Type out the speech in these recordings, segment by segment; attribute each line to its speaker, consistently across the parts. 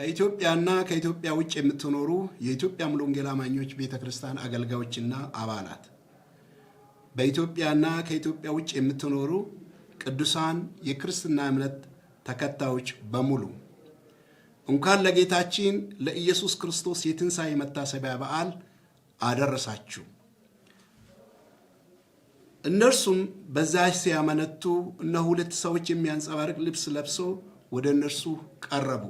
Speaker 1: በኢትዮጵያና ከኢትዮጵያ ውጭ የምትኖሩ የኢትዮጵያ ሙሉ ወንጌል አማኞች ቤተ ክርስቲያን አገልጋዮችና አባላት፣ በኢትዮጵያና ከኢትዮጵያ ውጭ የምትኖሩ ቅዱሳን የክርስትና እምነት ተከታዮች በሙሉ እንኳን ለጌታችን ለኢየሱስ ክርስቶስ የትንሣኤ መታሰቢያ በዓል አደረሳችሁ። እነርሱም በዛ ሲያመነቱ እነ ሁለት ሰዎች የሚያንጸባርቅ ልብስ ለብሰው ወደ እነርሱ ቀረቡ።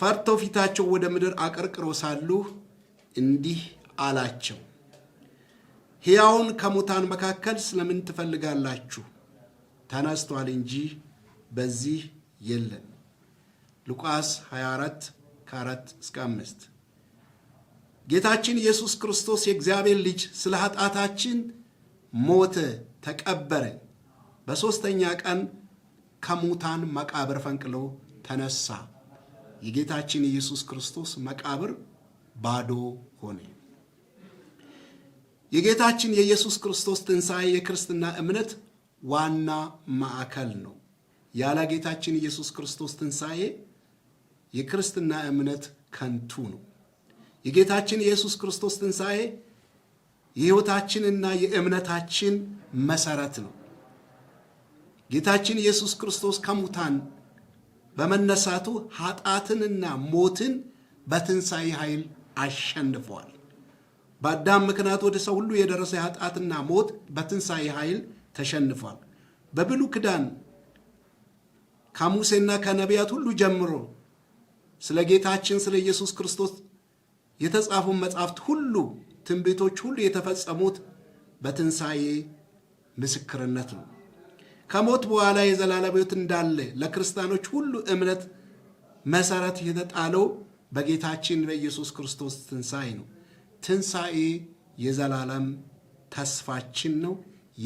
Speaker 1: ፈርተው ፊታቸው ወደ ምድር አቀርቅረው ሳሉ እንዲህ አላቸው፣ ሕያውን ከሙታን መካከል ስለምን ትፈልጋላችሁ? ተነስቷል እንጂ በዚህ የለም። ሉቃስ 24 4 እስከ 5 ጌታችን ኢየሱስ ክርስቶስ የእግዚአብሔር ልጅ ስለ ኃጢአታችን ሞተ፣ ተቀበረ፣ በሦስተኛ ቀን ከሙታን መቃብር ፈንቅሎ ተነሳ። የጌታችን ኢየሱስ ክርስቶስ መቃብር ባዶ ሆነ። የጌታችን የኢየሱስ ክርስቶስ ትንሣኤ የክርስትና እምነት ዋና ማዕከል ነው። ያለ ጌታችን ኢየሱስ ክርስቶስ ትንሣኤ የክርስትና እምነት ከንቱ ነው። የጌታችን ኢየሱስ ክርስቶስ ትንሣኤ የሕይወታችንና የእምነታችን መሠረት ነው። ጌታችን ኢየሱስ ክርስቶስ ከሙታን በመነሳቱ ኃጢአትንና ሞትን በትንሣኤ ኃይል አሸንፏል። በአዳም ምክንያት ወደ ሰው ሁሉ የደረሰ ኃጢአትና ሞት በትንሣኤ ኃይል ተሸንፏል። በብሉ ክዳን ከሙሴና ከነቢያት ሁሉ ጀምሮ ስለ ጌታችን ስለ ኢየሱስ ክርስቶስ የተጻፉ መጻሕፍት ሁሉ ትንቢቶች ሁሉ የተፈጸሙት በትንሣኤ ምስክርነት ነው። ከሞት በኋላ የዘላለም ሕይወት እንዳለ ለክርስቲያኖች ሁሉ እምነት መሰረት የተጣለው በጌታችን በኢየሱስ ክርስቶስ ትንሣኤ ነው። ትንሣኤ የዘላለም ተስፋችን ነው፣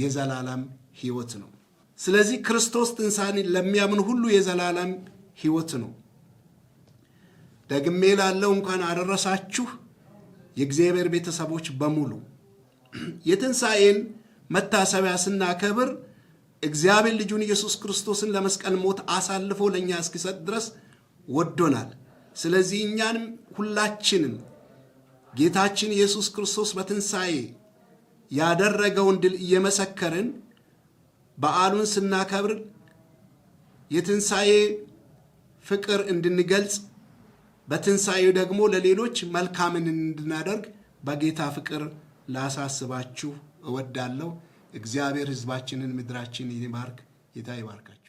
Speaker 1: የዘላለም ሕይወት ነው። ስለዚህ ክርስቶስ ትንሣኤን ለሚያምን ሁሉ የዘላለም ሕይወት ነው። ደግሜ ላለው እንኳን አደረሳችሁ የእግዚአብሔር ቤተሰቦች በሙሉ የትንሣኤን መታሰቢያ ስናከብር እግዚአብሔር ልጁን ኢየሱስ ክርስቶስን ለመስቀል ሞት አሳልፎ ለእኛ እስኪሰጥ ድረስ ወዶናል። ስለዚህ እኛንም ሁላችንም ጌታችን ኢየሱስ ክርስቶስ በትንሣኤ ያደረገውን ድል እየመሰከርን በዓሉን ስናከብር የትንሣኤ ፍቅር እንድንገልጽ በትንሣኤ ደግሞ ለሌሎች መልካምን እንድናደርግ በጌታ ፍቅር ላሳስባችሁ እወዳለሁ። እግዚአብሔር ህዝባችንን ምድራችን ይባርክ። ጌታ ይባርካቸው።